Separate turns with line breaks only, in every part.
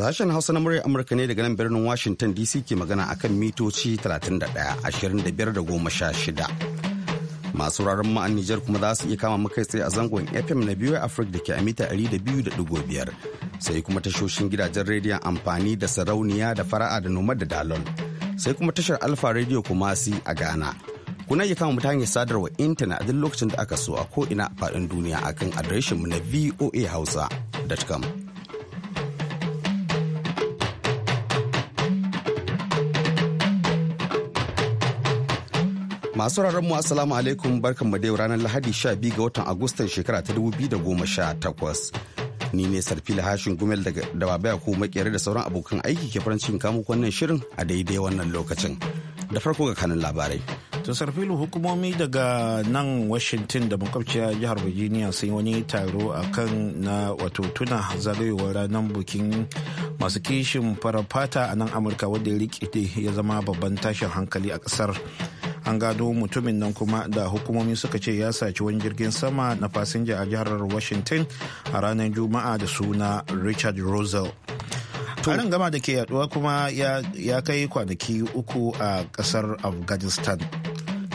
Sashen Hausa na muryar Amurka ne daga nan birnin Washington DC ke magana akan mitoci 31 25 shida Masu raron ma'an Nijar kuma za su iya kama makai tsaye a zangon FM na biyu Afirka da ke a mita 200.5 sai kuma tashoshin gidajen rediyon amfani da sarauniya da fara'a da noma da dalon. Sai kuma tashar Alfa Radio Kumasi a Ghana. Kuna iya kama mutane sadarwa intanet a duk lokacin da aka so a ko ina faɗin duniya akan adireshinmu na voahausa.com. Masu sauraron mu assalamu alaikum barkanmu da ranar Lahadi 12 ga watan Agustan shekara ta 2018. Ni ne Sarfila Hashin Gumel da Babaya ko makere da sauran abokan aiki ke farin cikin kamu wannan shirin a daidai wannan lokacin. Da farko ga kanin
labarai. To Sarfilu hukumomi daga nan Washington da makwabciya jihar Virginia sun yi wani taro a kan na wato tuna zagayowar ranar bukin masu kishin farafata a nan Amurka wanda ya rikide ya zama babban tashin hankali a kasar. an gado mutumin nan kuma da hukumomi suka ce ya saci wani jirgin sama na fasinja a jihar washington a ranar juma'a da suna richard rosell taron gama da ke yaduwa kuma ya kai kwanaki uku a kasar afghanistan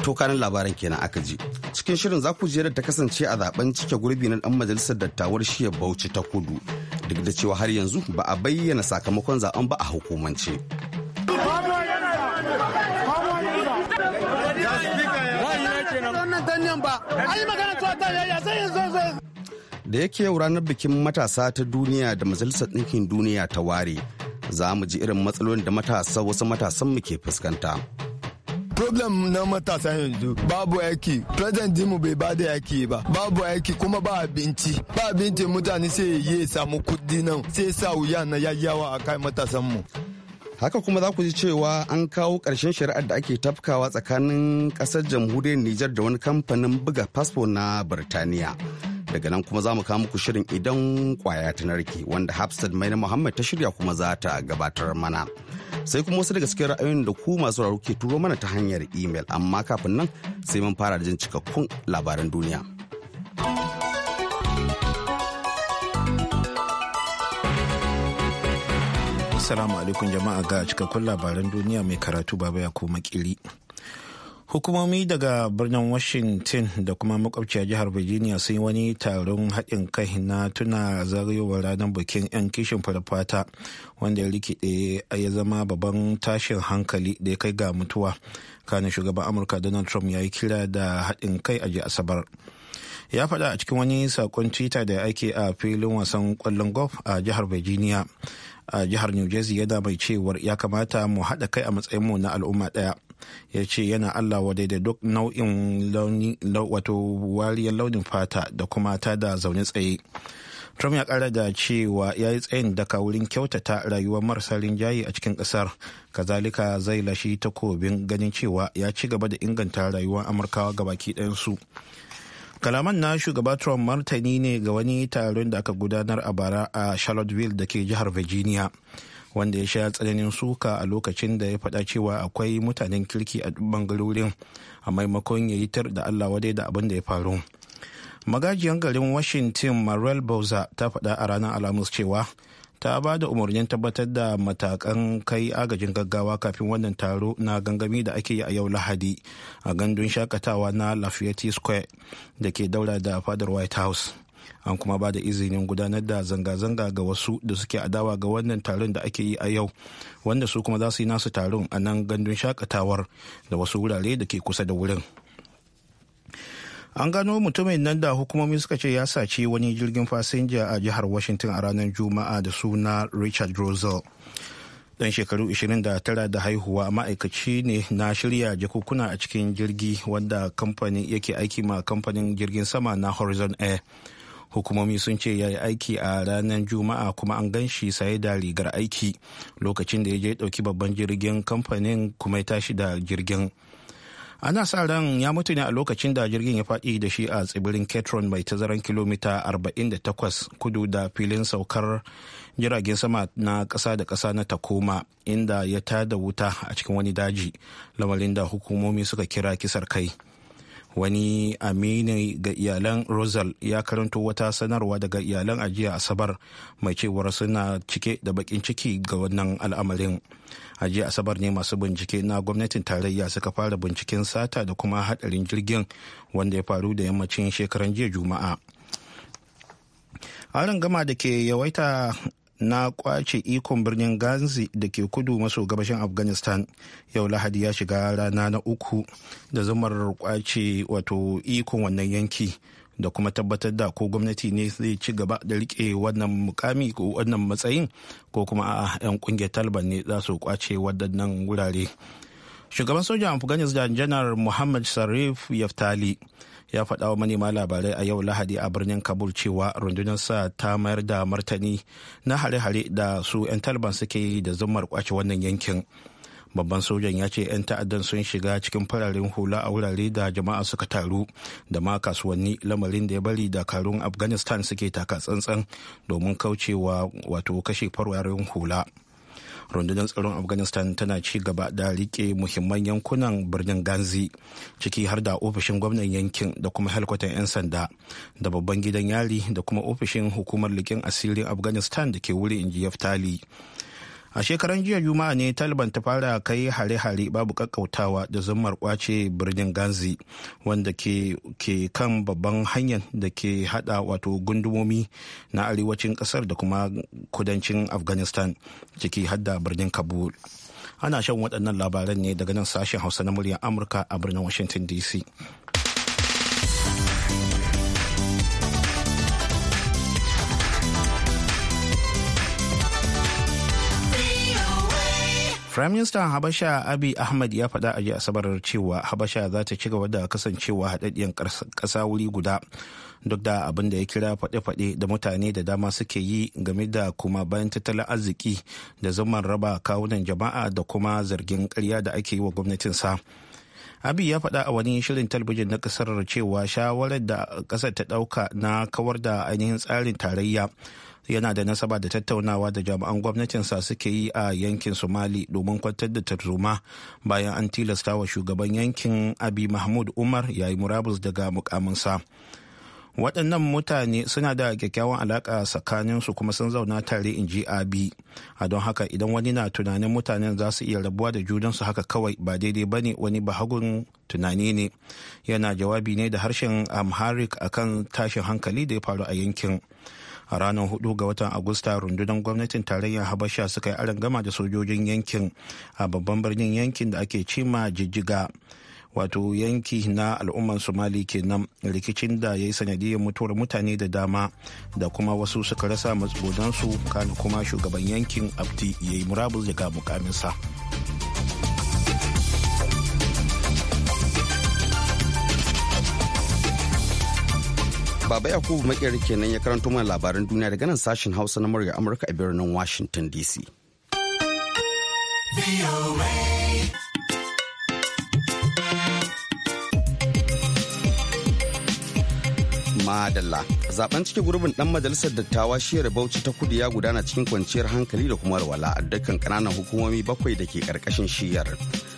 tokanin labaran kenan aka ji cikin shirin za ku da ta kasance a zaben
cike gurbi na dan majalisar dattawar shiyar bauchi ta kudu duk da cewa har yanzu ba a bayyana sakamakon zaben ba a hukumance
makarantar nan ba yi magana cewa ta yaya sai yanzu yanzu
da yake yau ranar bikin matasa ta duniya da majalisar ɗinkin duniya ta ware za mu ji irin matsalolin da matasa wasu matasan mu ke fuskanta
problem na matasa yanzu babu aiki president mu bai ba da aiki ba babu aiki kuma ba abinci ba abinci mutane sai ya samu kudi nan sai sa wuya na yayawa
a kai matasan mu
haka kuma za ku ji cewa an kawo ƙarshen shari'ar da ake tafkawa tsakanin ƙasar jamhuriyar nijar da wani kamfanin buga fasfo na birtaniya daga nan kuma za mu kawo muku shirin idan kwaya ta narke wanda hafsat mai na muhammad ta shirya kuma za ta gabatar mana sai kuma wasu daga cikin ra'ayoyin da ku masu ke turo mana ta hanyar imel amma kafin nan sai mun fara da jin cikakkun labaran duniya.
Assalamu alaikum jama'a ga cikakkun labaran duniya mai karatu baba ya koma kiri Hukumomi daga birnin Washington da kuma makwabciya jihar Virginia sun yi wani taron haɗin kai na tuna zagayowar ranar bikin 'yan kishin farfata wanda ya rikide ya zama babban tashin hankali da ya kai ga mutuwa. Kanin shugaban Amurka Donald Trump ya yi kira da haɗin kai a Asabar. ya faɗa a cikin wani sakon twitter da ake a filin wasan kwallon golf a jihar virginia a jihar new jersey yana mai cewar ya kamata mu haɗa kai a matsayin mu na al'umma ɗaya ya ce yana allah wa daidai duk nau'in wato wariyar launin fata da kuma ta da zaune tsaye trump ya kara da cewa ya yi tsayin daka wurin kyautata rayuwar marasa rinjaye a cikin ƙasar kazalika zai lashi takobin ganin cewa ya ci gaba da inganta rayuwar amurkawa gabaki ɗayansu. su kalaman na shugaba trump martani ne ga wani taron da aka gudanar a bara a charlottesville da ke jihar virginia wanda ya sha tsananin suka a lokacin da ya faɗa cewa akwai mutanen kirki a bangarorin a maimakon ya yi tar da allah wadai da abin da ya faru magajiyar garin washington marel bowser ta faɗa a ranar alhamis cewa ta ba da umarnin tabbatar da matakan kai agajin gaggawa kafin wannan taro na gangami da ake yi a yau lahadi a gandun shakatawa na lafayette square da ke daura da fadar white house an kuma ba da izinin gudanar da zanga-zanga ga wasu da suke adawa ga wannan taron da ake yi a yau wanda su kuma za su yi nasu taron a nan gandun shakatawar da wasu wurare da ke kusa da wurin an gano mutumin nan da hukumomi suka ce ya sace wani jirgin fasinja a jihar washington a ranar juma'a da suna richard rosal dan shekaru 29 da haihuwa ma'aikaci ne na shirya jakukuna a cikin jirgi wanda kamfanin yake aiki ma kamfanin jirgin sama na horizon air hukumomi sun ce ya yi aiki a ranar juma'a kuma an gan shi saye da rigar aiki lokacin da ya je ɗauki babban jirgin kamfanin kuma ya tashi da jirgin ana sa ran ya mutu ne a lokacin da jirgin ya faɗi da shi a tsibirin ketron mai tazaran kilomita 48 kudu da filin saukar jiragen sama na ƙasa da ƙasa na takoma inda ya tada wuta a cikin wani daji lamarin da hukumomi suka kira kisar kai wani amini ga iyalan rosal ya karanto wata sanarwa daga iyalan ajiya asabar mai cewar suna cike da bakin ciki ga wannan al'amarin ajiya asabar ne masu bincike na gwamnatin tarayya suka fara binciken sata da kuma hadarin jirgin wanda ya faru da yammacin shekaran jiya juma'a a gama da ke yawaita na kwace ikon birnin ganzi da ke kudu maso gabashin afghanistan yau lahadi ya shiga rana na uku da zamar kwace wato ikon wannan yanki da kuma tabbatar da ko gwamnati ne zai ci gaba da rike wannan mukami ko wannan matsayin ko kuma a 'yan kungiyar taliban ne za su kwace waɗannan wurare shugaban sojan afghanistan janar muhammad sarif yaftali ya faɗa wa manema labarai a yau lahadi a birnin kabul cewa rundunar sa ta mayar da martani na hare-hare da su 'yan taliban suke yi da zumar kwace wannan yankin babban sojan ya ce 'yan ta'addan sun shiga cikin fararen hula a wurare da jama'a suka taru da ma kasuwanni lamarin da ya bari dakarun afghanistan suke taka tsantsan domin kaucewa wato kashe fararen hula. rundunar tsaron afghanistan tana ci gaba da rike muhimman yankunan birnin ganzi ciki har da ofishin gwamnan yankin da kuma helikwatan 'yan sanda da babban gidan yari da kuma ofishin hukumar likin asirin afghanistan da ke wuri in ji yaftali a shekaran jiya juma'a ne taliban ta fara kai hare-hare babu kakkautawa da zumar kwace birnin ganzi wanda ke, kan babban hanyar da ke hada wato gundumomi na arewacin kasar da kuma kudancin afghanistan ciki hadda birnin kabul ana shan waɗannan labaran ne daga nan sashen hausa na muryar amurka a birnin washington dc Prime Minister Habasha abi Ahmad ya faɗa a jiya Asabar cewa Habasha za ta ci gaba da kasancewa haɗaɗɗiyar ƙasa wuri guda duk da abin da ya kira faɗe-faɗe da mutane da dama suke yi game da kuma bayan tattalin arziki da zaman raba kawunan jama'a da kuma zargin ƙarya da ake yi wa gwamnatinsa. Abi ya faɗa a wani shirin talabijin na ƙasar cewa shawarar da kasar ta ɗauka na kawar da ainihin tsarin tarayya yana da nasaba da tattaunawa da jami'an sa suke yi a yankin somali domin kwantar da tarzoma bayan an tilasta wa shugaban yankin abi mahmud umar yayi yi murabus daga mukaminsa waɗannan mutane suna da kyakkyawan alaƙa tsakaninsu kuma sun zauna tare in ji abi a don haka idan wani na tunanin mutanen za su iya rabuwa da junansu haka kawai ba daidai ba ne wani bahagun tunani ne yana jawabi ne da harshen amharic akan tashin hankali da ya faru a yankin a ranar 4 ga watan agusta rundunar gwamnatin tarayyar habasha suka yi gama da sojojin yankin a babban birnin yankin da ake cima jijjiga wato yanki na al'umman somali kenan rikicin da ya yi sanadiyar mutuwar mutane da dama da kuma wasu suka rasa matsugodansu kana kuma shugaban yankin abdi ya yi murabus daga mukaminsa Baba Yakubu
Makeri kenan ya karanto mana labaran duniya daga nan sashen Hausa na murya Amurka a birnin Washington DC. Madalla. Zaben cike gurbin dan majalisar dattawa shiyar Bauchi ta kudu ya gudana cikin kwanciyar hankali da kuma walwala a dukkan kananan hukumomi bakwai da ke karkashin shiyar.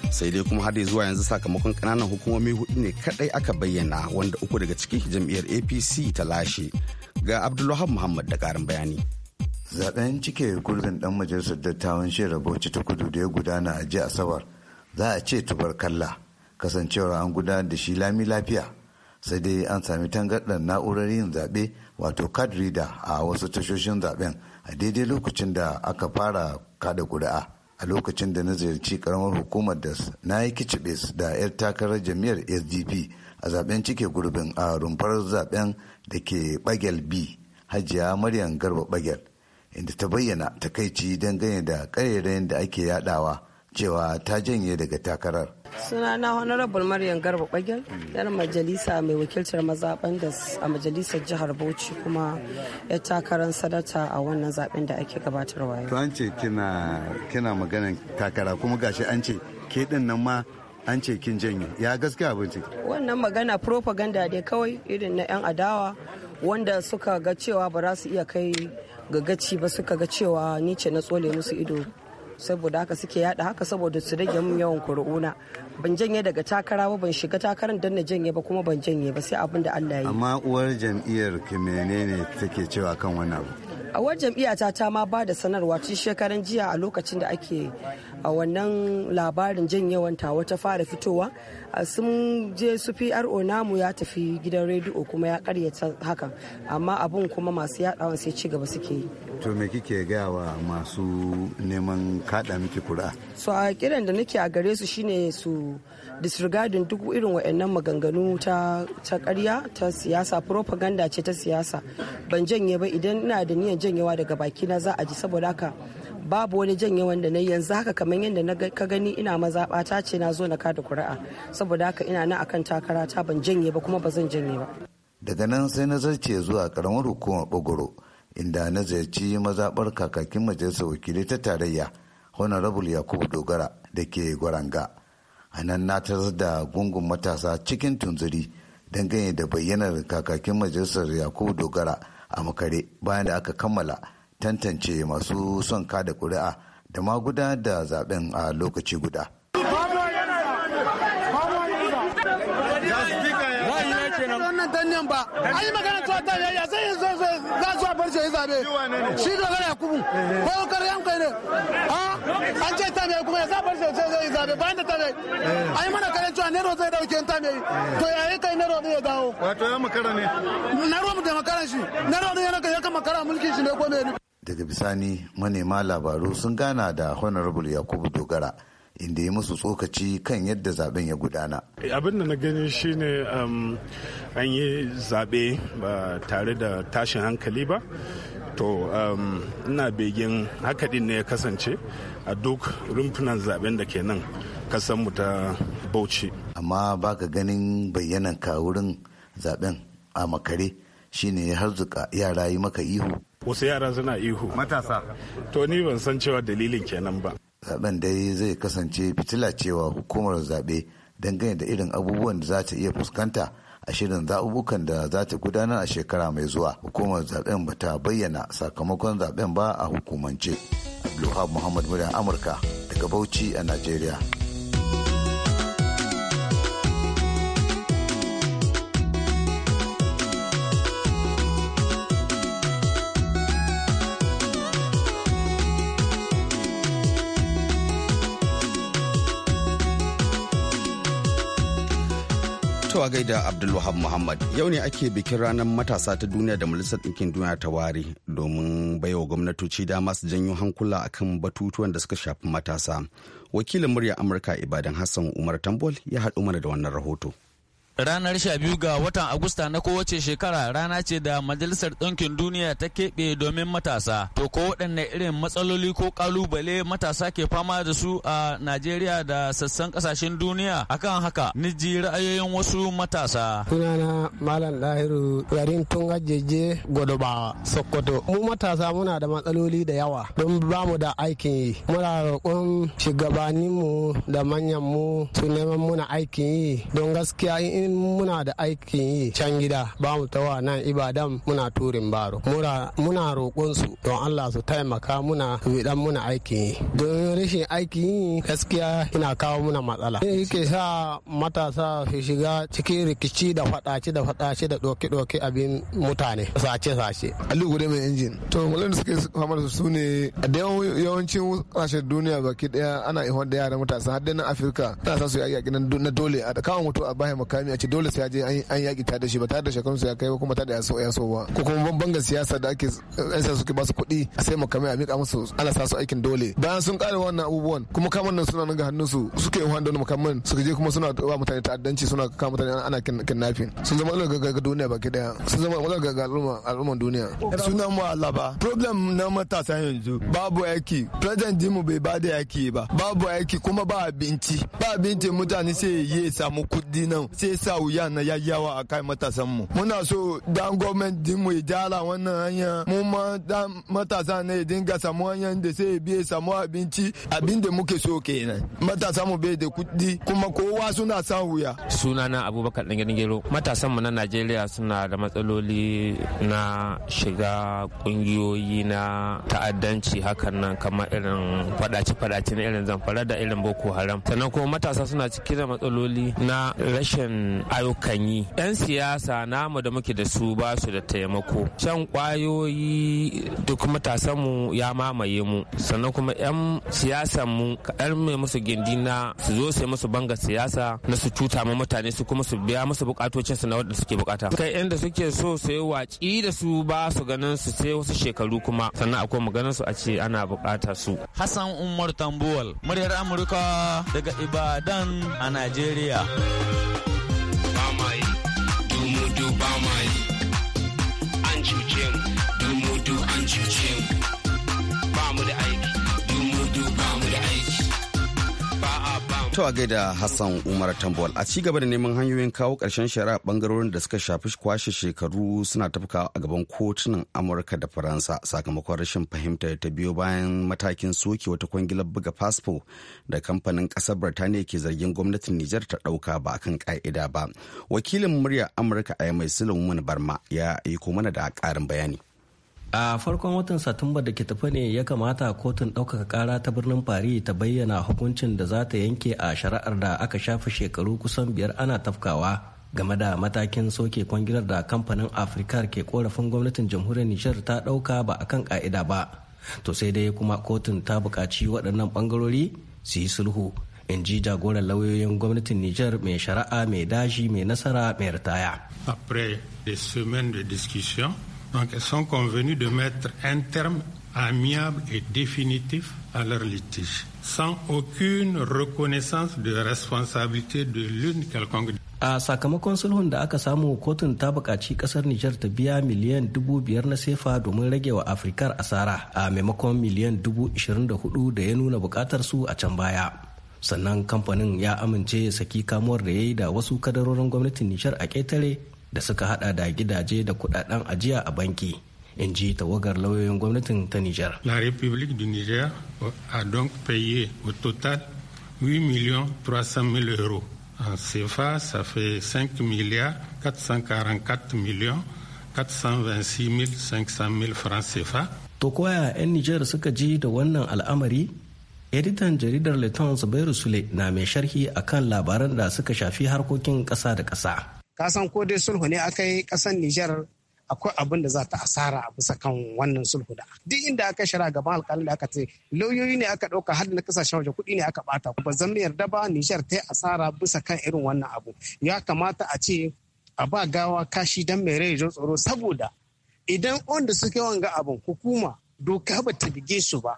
sai dai kuma har zuwa yanzu sakamakon kananan hukumomi hudu ne kadai aka bayyana wanda uku daga ciki jam'iyyar apc ta lashe ga abdullahi muhammad da karin bayani
zaben cike gurbin dan majalisar dattawan shirin bauchi ta kudu da ya gudana a jiya asabar za a ce tubarkalla kasancewar an gudanar da shi lami lafiya sai dai an sami tangardar na'urar yin zaɓe wato card reader a wasu tashoshin zaben a daidai lokacin da aka fara kada kuri'a a lokacin da na ziyarci karamar hukumar das na yi kicibe da 'yar takarar jami'ar sdp a zaben cike gurbin a rumfar zaben da ke bagel b hajiya maryam garba bagel inda ta bayyana takaici dangane da ƙarerayen da ake yadawa cewa ta janye daga takarar.
suna na honorable maryam garba bagel yan majalisa mai wakiltar mazaɓen da a majalisar jihar bauchi kuma ya takarar sadata a wannan zaben da ake gabatarwa yau.
an ce kina maganin takara kuma gashi an ce ke nan ma an ce kin janye ya gaskiya abinci
wannan magana propaganda ne kawai irin na 'yan adawa wanda suka ga cewa ba za su iya kai ga gaci ba suka ga cewa ni ce na tsole musu ido saboda haka suke yada haka saboda su rage mun yawan kuri'una ban janye daga takara ba ban shiga takarar don na janye ba kuma ban janye ba sai abin da Allah ya yi
amma uwar jam'iyyar ki menene take cewa kan wannan
a uwar jam'iyyata ta ma ba da sanarwa tun shekaran jiya a lokacin da ake a wannan labarin janyewan ta wata fara fitowa sun je su pro namu ya tafi gidan rediyo kuma ya karyata hakan amma abun kuma masu yadawan sai ci gaba suke yi
to me kike gaya wa masu neman kada miki kura
so a kiran da nake a gare su shine su disregarding duk irin waɗannan maganganu ta ta ƙarya ta siyasa propaganda ce ta siyasa ban janye ba idan ina da niyan janyewa daga baki na za a ji saboda haka babu wani janye wanda na yanzu haka kamar yadda na ka gani ina mazaɓa ta ce na zo na kada kuri'a saboda haka ina nan akan takara ta ban janye ba kuma ba zan janye ba
daga nan sai na zarce zuwa karamar hukumar bogoro inda na ziyarci mazabar kakakin majalisar wakilai ta tarayya honorable yakubu dogara da ke gwaranga a nan na tarar da gungun matasa cikin tunzuri dangane da bayyanar kakakin majalisar yakubu dogara a makare bayan da aka kammala tantance masu son kada kuri'a da ma gudanar da zaben a lokaci guda.
wannan yi magana tuwa ta yayya sai yin zo zo za su bar shi zabe shi dogara yakubu ko kar yan kai ne ha an ce ta mai kuma ya sa bar shi zai zabe bayan da ta mai an yi mana kare cewa nero zai dauke ta mai to yayi kai nero ne ya dawo
wato ya makara ne
nero mu da makara shi nero ne yana kai ya makara mulkin shi ne ko me ne
daga bisani manema labaru sun gana da honorable yakubu dogara inda ya musu tsokaci kan yadda zaben ya gudana.
abin da na gani shine um, an yi zaɓe ba tare da tashin hankali ba to um, ina begen hakaɗin ne ya kasance a duk rumfunan zaben da ke nan kasan mu ta bauchi
amma baka ganin bayyanan ka wurin zaben a makare shine ya harzuka yara yi maka ihu
wasu yara suna ihu matasa to ni ban san cewa dalilin kenan ba
zaben dai zai kasance fitila cewa hukumar zaɓe dangane da irin abubuwan da za ta iya fuskanta a shirin zaɓuɓɓukan da za ta gudanar a shekara mai zuwa hukumar zaɓen ba ta bayyana sakamakon zaɓen ba a hukumance abdulhab muhammad murya amurka daga bauchi a najeriya
gaida Abdulwahab Muhammad yau ne ake bikin ranar matasa ta duniya da Majalisar Ɗinkin Duniya ta ware domin baiwa gwamnatoci dama su janyo hankula akan batutuwan da suka shafi matasa. Wakilin murya Amurka Ibadan Hassan Umar Tambol ya haɗu mana da wannan rahoto.
Ranar 12 ga watan Agusta na kowace shekara rana ce da Majalisar Ɗinkin Duniya ta keɓe domin matasa. To ko waɗanne irin matsaloli ko ƙalubale matasa ke fama da su a Najeriya da sassan ƙasashen duniya akan haka niji ra'ayoyin wasu matasa.
Sunana Malam lahiru garin Tunga Jeje Godobawa Sokoto. Mu matasa muna da matsaloli da yawa don ba mu da aikin yi. Muna roƙon shugabanninmu da manyanmu su neman muna aikin yi don gaskiya in muna da aikin yi can gida ba mu tawa nan ibadan muna turin baro muna roƙon su don allah su taimaka muna dan muna aikin yi don rashin aikin yi gaskiya ina kawo muna matsala ne yake sa matasa su shiga cikin rikici da faɗace da faɗace da doke ɗoke abin mutane
sace-sace
aliyu gudu mai injin to mulan suke fama da su ne da yawancin kasashen duniya baki daya ana ihon da yara matasa har na afirka ta sa su yi a na dole a kawo mutu a bayan makami ce dole sai ya je an yaki ta da shi ba ta da shekarunsu ya kai ba kuma ta da yaso yaso ba ko kuma bangan siyasa da ake yan siyasa suke ba su kuɗi a sai makamai a miƙa musu ana sa su aikin dole bayan sun ƙare wannan abubuwan kuma kaman nan suna nan hannun su suke yin hannun makamman suka je kuma suna wa mutane ta'addanci suna kama mutane ana kidnapping sun zama ga ga duniya baki daya sun zama ga ga al'umman duniya suna mu Allah ba problem na matasa yanzu babu aiki president dimu bai ba da aiki ba babu aiki kuma ba abinci ba abinci mutane sai ya samu
kuɗi nan sai sa wuya na yayyawa a kai matasan mu
muna so dan gwamnati din mu jala wannan hanya mu ma dan matasa ne ga samu hanyar da sai biye samu abinci abin da muke so kenan matasa mu bai da kuɗi kuma kowa suna sa
wuya sunana abubakar dan gero matasan mu na Najeriya suna da matsaloli na shiga kungiyoyi na ta'addanci hakan nan kamar irin fadaci fadaci na irin zamfara da irin boko haram sannan kuma matasa suna cikin matsaloli na rashin ayyukan yi yan siyasa namu da muke da su ba su da taimako shan kwayoyi duk matasan mu ya mamaye mu sannan kuma yan siyasan mu kaɗan mai musu gindi na su zo sai musu banga siyasa na su cuta ma mutane su kuma su biya musu bukatocin su na wanda suke bukata kai inda suke so su yi da su ba su ganin su sai wasu shekaru kuma sannan akwai maganin su a ce ana bukata su hassan umar tambuwal
muryar amurka daga ibadan a najeriya Obama
To a gaida Hassan Umar Tambol a ci gaba da neman hanyoyin kawo karshen shari'a bangarorin da suka shafi kwashe shekaru suna tafka a gaban kotunan Amurka da Faransa sakamakon rashin fahimtar ta biyo bayan matakin soke wata kwangilar buga fasfo da kamfanin kasar Birtaniya ke zargin gwamnatin Nijar ta dauka ba kan ƙa'ida ba. Wakilin murya Amurka a mai Sulaiman Barma ya aiko mana da karin bayani.
a farkon watan satumba da ke tafi ne ya kamata kotun ɗaukaka ƙara ta birnin paris ta bayyana hukuncin da za ta yanke a shari'ar da aka shafe shekaru kusan biyar ana tafkawa game da matakin soke kwangilar da kamfanin afirka ke korafin gwamnatin jamhuriyar nijar ta ɗauka ba kan ƙa'ida ba to sai dai kuma kotun ta buƙaci waɗannan ɓangarori su yi sulhu in ji jagoran lauyoyin gwamnatin nijar mai shari'a
mai daji mai nasara mai ritaya après semaines de discussion Donc elles sont convenues de mettre un terme amiable et définitif à leur litige, sans aucune reconnaissance de responsabilité de l'une quelconque.
A sakamakon sulhun da aka samu kotun ta bukaci ƙasar Nijar ta biya miliyan dubu biyar na sefa domin rage wa Afrikar asara a maimakon miliyan dubu ishirin da hudu da ya nuna bukatar su a can baya. Sannan kamfanin ya amince ya saki kamuwar da ya yi da wasu kadarorin gwamnatin Nijar a ƙetare da suka hada da gidaje da kudaden ajiya a banki in ji tawagar lauyoyin gwamnatin ta Nijar.
La République du Niger a donc payé au total 8 millions 300 000 euros. En CFA, ça fait 5 milliards 444 millions 426 500 000 francs CFA.
To koya 'yan Nijar suka ji da wannan al'amari? Editan jaridar Leton Zubairu Sule na mai sharhi akan labaran da suka shafi harkokin ƙasa da ƙasa.
ka san ko dai sulhu ne aka yi kasan Nijar akwai abin da za ta asara a bisa kan wannan sulhu da duk inda aka shara gaban alƙalin da aka ce lauyoyi ne aka ɗauka har na kasashen waje kuɗi ne aka bata ba zan yarda ba Nijar ta yi asara bisa kan irin wannan abu ya kamata a ce a ba gawa kashi dan mai rai tsoro saboda idan wanda suka yawan ga abin hukuma doka ba ta bige su ba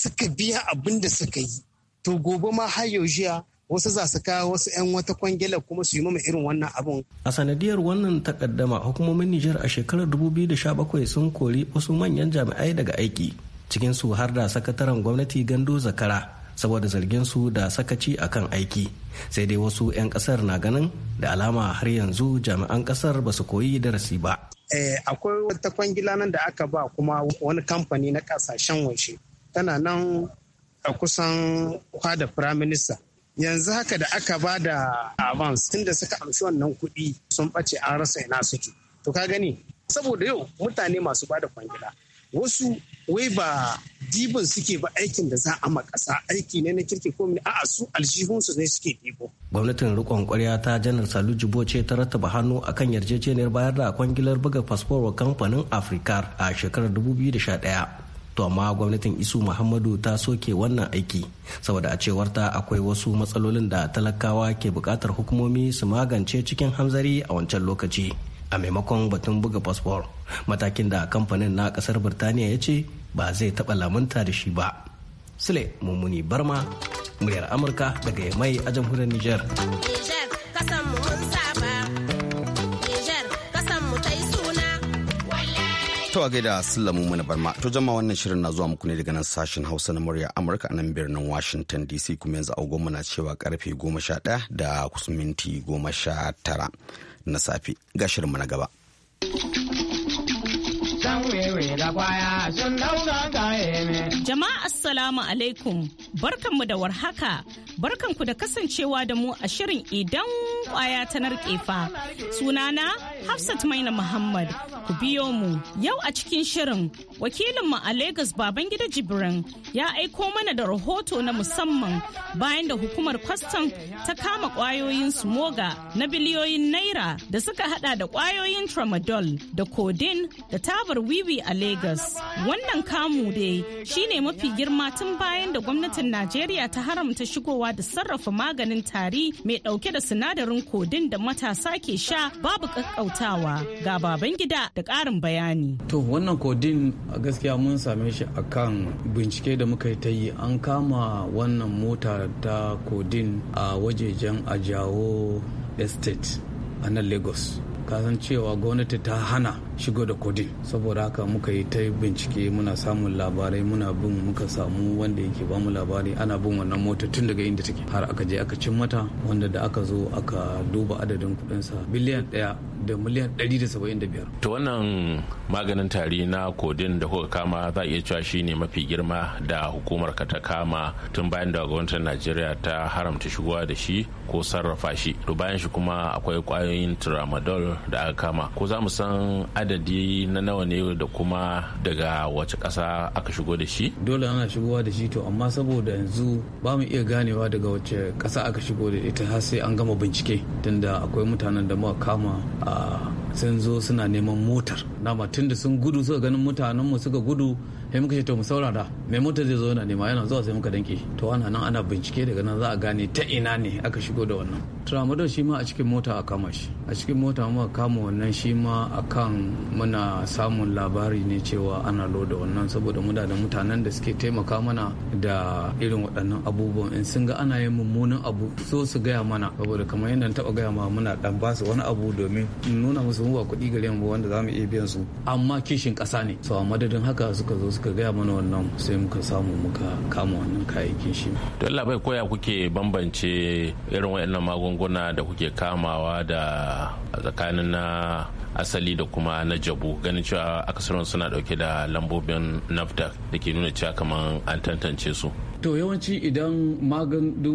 suka biya abin da suka yi to gobe ma har yaushe. wasu za su kawo wasu 'yan wata kwangilar kuma su yi mama irin wannan abun.
A sanadiyar wannan takaddama hukumomin Nijar a shekarar 2017 sun kori wasu manyan jami'ai daga aiki cikin su har da sakataren gwamnati Gando Zakara saboda zargin su da sakaci akan aiki sai dai wasu 'yan kasar na ganin da alama har yanzu jami'an kasar ba su koyi darasi ba. Eh, akwai wata
kwangila nan da aka ba kuma wani kamfani na kasashen waje tana nan a kusan kwada firaminista yanzu haka da aka ba da avance tunda suka amshi wannan kuɗi sun ɓace an rasa ina suke to ka gani saboda yau mutane masu ba da kwangila wasu wai ba dibin suke ba aikin da za a makasa aiki ne na kirki ko mini a'a su aljihunsu ne suke dibo.
gwamnatin rikon kwarya ta janar salu jibo ce ta rattaba hannu akan yarjejeniyar bayar da kwangilar buga fasfor kamfanin afirka a shekarar 2011 to amma gwamnatin isu muhammadu ta soke wannan aiki saboda a cewar ta akwai wasu matsalolin da talakawa ke bukatar hukumomi su magance cikin hanzari a wancan lokaci a maimakon batun buga fasfor matakin da kamfanin na kasar birtaniya ya ce ba zai taɓa lamunta da shi ba sule mummuni barma muryar amurka daga mai a jamhuriyar nijar.
To a gaida Sallamu mana barma. To jama wannan shirin na zuwa muku ne daga nan sashen Hausa na murya Amurka a nan birnin Washington DC kuma yanzu agogon na cewa karfe 11 da kusan 19 na safe. Ga shirin na gaba.
Jama'a Assalamu alaikum mu da warhaka ku da kasancewa da mu a shirin idan kwaya ta narkefa sunana Hafsat Maina Muhammad ku biyo mu yau a cikin shirin wakilinmu a Legas Babangida Jibrin ya aiko mana da rahoto na musamman bayan da hukumar kwastam ta kama kwayoyin smoga na biliyoyin naira da suka hada da kwayoyin tramadol da codeine da tabar wiwi a Legas. Wannan kamu dai shine mafi girma tun bayan da gwamnatin Najeriya ta haramta shigowa da sarrafa maganin tari mai dauke da sinadarin codeine da matasa ke sha babu karantawa ga baban gida da ƙarin bayani.
To wannan kodin a gaskiya mun same shi akan bincike da muka yi ta yi an kama wannan mota ta kodin a wajejen ajawo estate a nan Lagos. kasan cewa gwamnati ta hana shigo da kodi saboda haka muka yi ta bincike muna samun labarai muna bin muka samu wanda yake bamu labari ana bin wannan mota tun daga inda take har aka je aka cin mata wanda da aka zo aka duba adadin kudinsa biliyan daya da miliyan 175
to wannan maganin tari na kodin da kuka kama za a iya cewa ne mafi girma da hukumar ka ta kama tun bayan da gwamnatin najeriya ta haramta shigowa da shi ko sarrafa shi to bayan shi kuma akwai kwayoyin tramadol da aka kama ko za mu san adadi na nawa ne da kuma daga wace ƙasa aka shigo da shi dole ana shigowa da shi to amma
saboda yanzu ba mu iya ganewa daga wace ƙasa aka shigo da ita har sai an gama bincike tunda akwai mutanen da muka kama a sun zo suna neman motar dama tunda sun gudu suka ganin mutanen mu suka gudu sai muka ce to mu saurara mai mota zai zo yana nema yana zuwa sai muka danke to ana nan ana bincike daga nan za a gane ta ina ne aka shigo da wannan tramadol shi ma a cikin mota a kama shi a cikin mota muka kama wannan shi ma akan muna samun labari ne cewa ana loda wannan saboda muna da mutanen da suke taimaka mana da irin waɗannan abubuwan in sun ga ana yin mummunan abu so su gaya mana saboda kamar yadda taɓa gaya ma muna dan ba su wani abu domin nuna musu mu ba kuɗi gare mu wanda za mu iya biyan su amma kishin ƙasa ne so a madadin haka suka zo suka gaya mana wannan sai muka samu muka kama wannan
kayayyakin shi to Allah bai koya kuke bambance irin wayannan magunguna da kuke kamawa da tsakanin na asali da kuma na jabu ganin cewa akasarin suna dauke da lambobin nafta da ke nuna cewa kamar an tantance su
to yawanci idan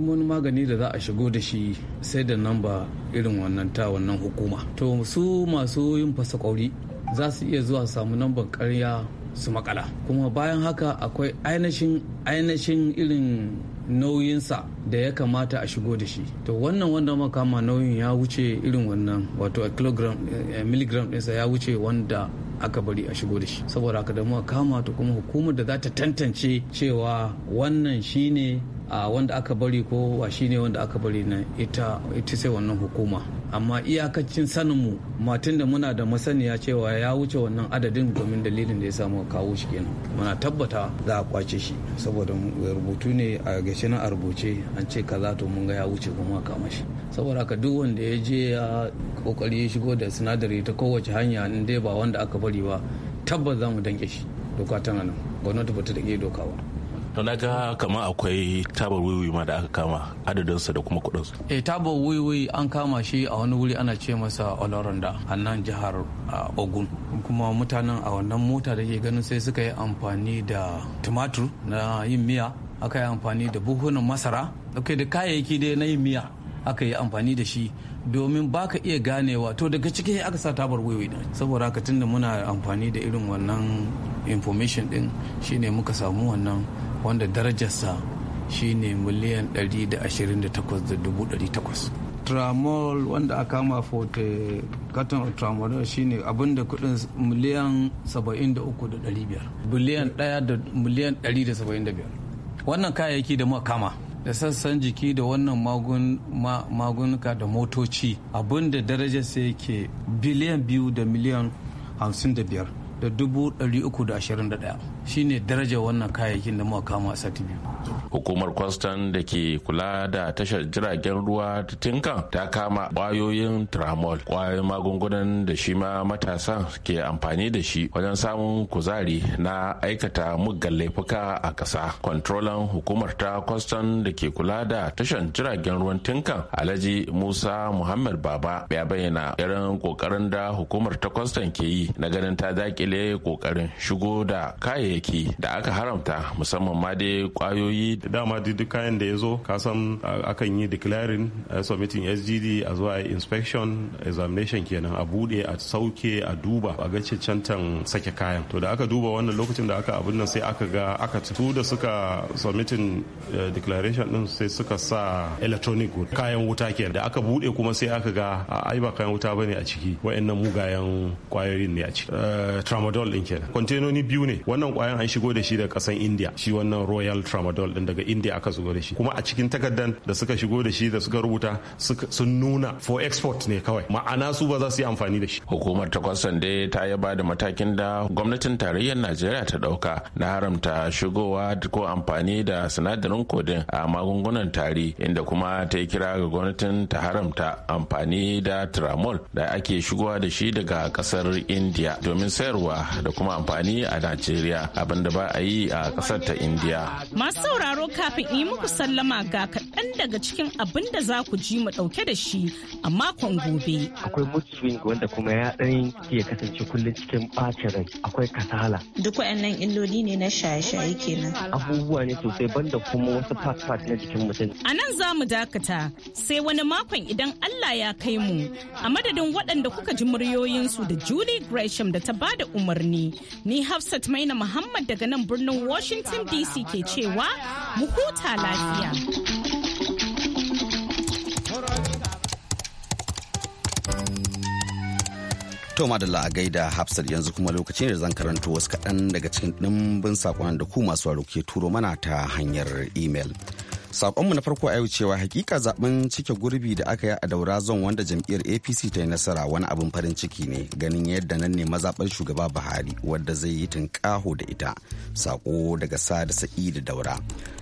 wani magani da za a shigo da shi sai da namba irin wannan ta wannan hukuma to su masu yin fasa kwauri za su iya zuwa samu namban karya su makala kuma bayan haka akwai ainihin ainihin irin nauyinsa da ya kamata a shigo da shi to wannan wanda makama nauyin ya wuce irin wannan wato a kilogram eh, milligram ɗinsa ya wuce wanda aka bari a shigo da shi saboda haka da muka kama ta kuma hukumar da za ta tantance cewa wannan shine a ah, wanda aka bari ko wa shine wanda aka bari na ita ita sai wannan hukuma amma iyakacin saninmu matun da muna da masaniya cewa ya wuce wannan adadin domin dalilin da ya samu kawo shi kenan muna tabbata za a kwace shi saboda rubutu ne a gashi na a rubuce an ce kaza to mun ga ya wuce kuma kama shi saboda haka duk wanda ya je ya kokari ya shigo da sinadari ta kowace hanya in dai ba wanda aka bari ba tabbas za mu danke shi doka tana nan gwamnati ba ta dake doka ba
to na ga kamar akwai tabar wiwi ma da aka kama adadinsa da kuma kuɗinsa
eh tabar wiwi an kama shi a wani wuri ana ce masa olorunda a nan jihar uh, ogun kuma mutanen a wannan mota da ke ganin sai suka yi amfani da tumatur na yin miya aka yi amfani da buhunan masara okay, da kayayyaki dai na yin miya aka yi amfani da shi domin ba ka iya ganewa to daga ciki aka sa tabar wiwi din saboda haka tunda muna amfani da irin wannan information din shine muka samu wannan wanda darajarsa shi ne miliyan 128,800 tramol wanda aka kama fote katon tramol shi ne abinda kudin miliyan 73,500 biliyan 1 da miliyan 175 wannan kayayyaki da muka kama da sassan jiki da wannan magunuka da motoci abinda darajarsa yake biliyan 2 da miliyan 55 da 321 shine darajar wannan kayayyakin da muka kama sati biyu
hukumar kwastan da ke kula da tashar jiragen ruwa ta tinkan ta kama kwayoyin tramol kwayoyin magungunan da shi ma matasa ke amfani da shi wajen samun kuzari na aikata muggan laifuka a ƙasa kwantrolan hukumar ta kwastan da ke kula da tashar jiragen ruwan tinkan alhaji musa muhammad baba ya bayyana irin kokarin da hukumar ta kwastan ke yi na ganin ta dakile kokarin shigo da kayayyaki. aiki da aka haramta musamman ma dai kwayoyi dama duk kayan da ya zo kasan akan yi declaring submitting sgd a zuwa inspection examination kenan a bude a sauke a duba a ga cancantan sake kayan to da aka duba wannan lokacin da aka abin nan sai aka ga aka tu da suka submitting eh, declaration din sai suka sa electronic kayan wuta kenan da aka bude kuma sai aka ga ai ba kayan wuta bane a ciki wa'annan mugayen kwayoyin ne a ciki eh, tramadol din kenan kwantenoni biyu ne wannan kwayan an shigo da shi daga kasan india shi wannan royal tramadol din daga india aka shigo da shi kuma a cikin takardan da suka shigo da shi da suka rubuta sun nuna for export ne kawai ma'ana su ba za su yi amfani da shi hukumar ta kwasan dai ta ba da matakin da gwamnatin tarayyar najeriya ta dauka na haramta shigowa ko amfani da sinadarin kodin a magungunan tari inda kuma ta yi kira ga gwamnatin ta haramta amfani da tramol da ake shigowa da shi daga kasar india domin sayarwa da kuma amfani a najeriya abin da ba a yi a kasar ta indiya
masu sauraro kafin yi muku sallama ga kaɗan daga cikin abin da za ku ji mu ɗauke da shi a makon gobe
akwai mood swing wanda kuma ya ɗan ya kasance kullum cikin ɓacin rai akwai kasala
duk waɗannan illoli ne na shaye-shaye kenan
abubuwa ne sosai banda kuma
wasu part-part na jikin mutum a nan za mu dakata sai wani makon idan Allah ya kai mu a madadin waɗanda kuka ji muryoyinsu da Julie Gresham da ta bada umarni ni Hafsat Maina Muhammad Muhammad daga nan birnin Washington DC ke cewa mu huta lafiya.
Toma da la'agai da Hafsat yanzu kuma lokacin da zan karanto wasu kaɗan daga cikin ɗimbin saƙonan da ku masu ke turo mana ta hanyar imel. Sakonmu na farko a yau cewa hakika zaben cike gurbi da aka yi a daura zon wanda jam'iyyar APC ta yi nasara wani abin farin ciki ne ganin yadda nan ne mazaɓar shugaba Buhari wadda zai yi tunƙaho da ita. Sako daga Sada da Daura.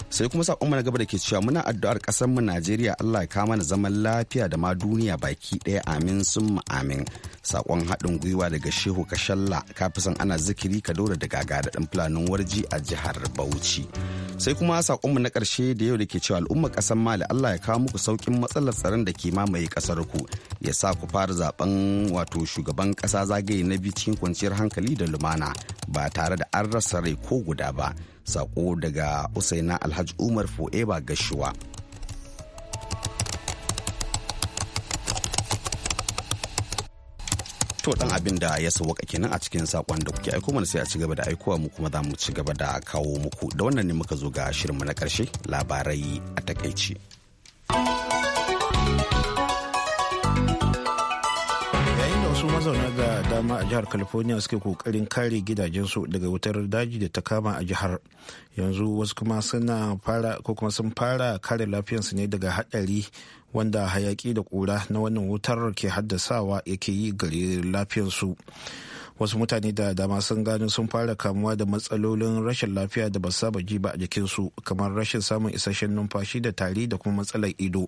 Sai kuma sakonmu na gaba da ke cewa muna addu'ar ƙasarmu Najeriya Allah ya kama na zaman lafiya da ma duniya baki ɗaya amin sun amin. sakon haɗin gwiwa daga shehu kashalla kafisan ana zikiri ka daura da gaga da ɗan fulanin warji a jihar bauchi sai kuma sakonmu na ƙarshe da yau da ke cewa al'ummar ƙasar mali allah ya kawo muku saukin matsalar tsaron da ke mamaye ƙasar ku ya sa ku fara zaben wato shugaban ƙasa zagaye na biyu cikin kwanciyar hankali da lumana ba tare da an rasa rai ko guda ba sako daga usaina alhaji umar fo'eba gashuwa to dan abin da ya sauka kenan a cikin sakon da kuke aiko mana sai a ci gaba da aikowa mu kuma za mu ci gaba da kawo muku da wannan ne muka zo ga shirinmu na karshe labarai a takaici.
dama a jihar california suke kokarin kare gidajensu daga wutar daji da ta kama a jihar yanzu wasu kuma suna fara ko kuma sun fara kare lafiyansu ne daga hadari wanda hayaki da kura na wannan wutar ke haddasawa yake yi gare lafiyansu wasu mutane da dama sun gano sun fara kamuwa da matsalolin rashin lafiya da ba saba ji ba a jikinsu kamar rashin samun isasshen numfashi da tari da kuma matsalar ido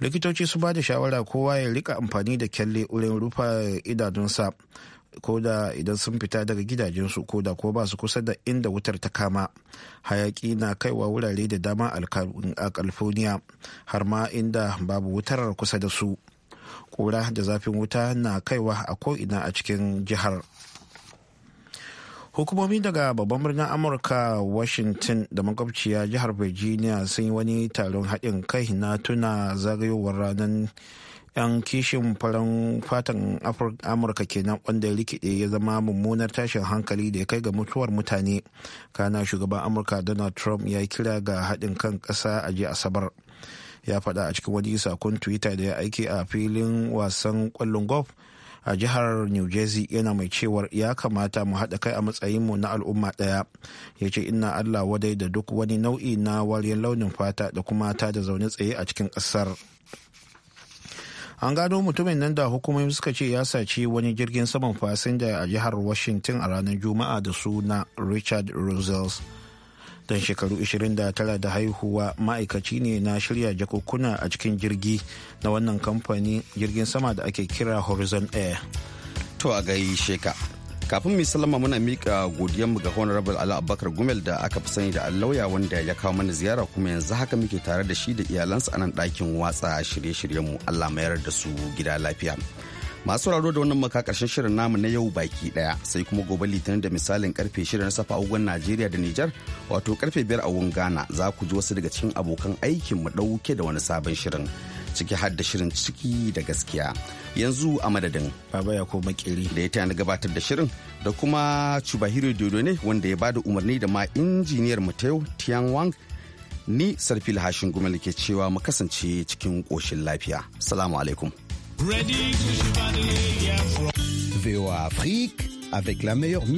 likitoci su ba da shawara kowa ya rika amfani da kyalle wurin rufa idanunsa ko da idan sun fita daga gidajensu ko da ko ba su kusa da inda wutar ta kama hayaki na kaiwa wurare da dama a california har ma inda babu wutar kusa da su kura da zafin wuta na kaiwa a ko ina a cikin jihar hukumomi daga babban birnin amurka washington da makwabciya jihar virginia sun yi wani taron haɗin kai na tuna zagayowar ranar 'yan kishin farin fatan amurka kenan wanda rikide ya zama mummunar tashin hankali da ya kai ga mutuwar mutane kana shugaban amurka donald trump ya kira ga haɗin kan ƙasa a jiya asabar ya faɗa a cikin wani sakon twitter da ya aiki a filin wasan ƙwallon golf a jihar new jersey yana mai cewar ya kamata mu haɗa kai a matsayinmu na al'umma ɗaya ya ce ina allah wadai da duk wani nau'i na wariyar launin fata da kuma ta da zaune tsaye a cikin ƙasar an gano mutumin nan da hukumomi suka ce ya saci wani jirgin saman fasinja a jihar washington a ranar juma'a da suna richard rosales dan shekaru 29 da haihuwa ma'aikaci ne na shirya jakokuna a cikin jirgi na wannan kamfani jirgin sama da ake kira horizon air to a gaishe sheka kafin mu sallama
muna mika mu ga honorable ala abubakar gumel da aka fi sani da lauya wanda ya kawo mana ziyara kuma yanzu haka muke tare da shi da iyalansa a nan ɗakin watsa shirye-shiryenmu allah mayar da su gida lafiya masu raro da wannan maka karshen shirin namu na yau baki daya sai kuma gobe litinin da misalin karfe shirin na safa agogon najeriya da nijar wato karfe biyar a wun ghana za ku ji wasu daga cikin abokan aikin mu dauke da wani sabon shirin ciki har da shirin ciki da gaskiya yanzu a madadin baba ya ko makiri da ya tana gabatar da shirin da kuma chubahiro dodo ne wanda ya bada umarni da ma injiniyar mu ta yau tian wang ni sarfil hashin gumal ke cewa mu kasance cikin koshin lafiya salamu alaikum VOA Afrique avec la meilleure musique.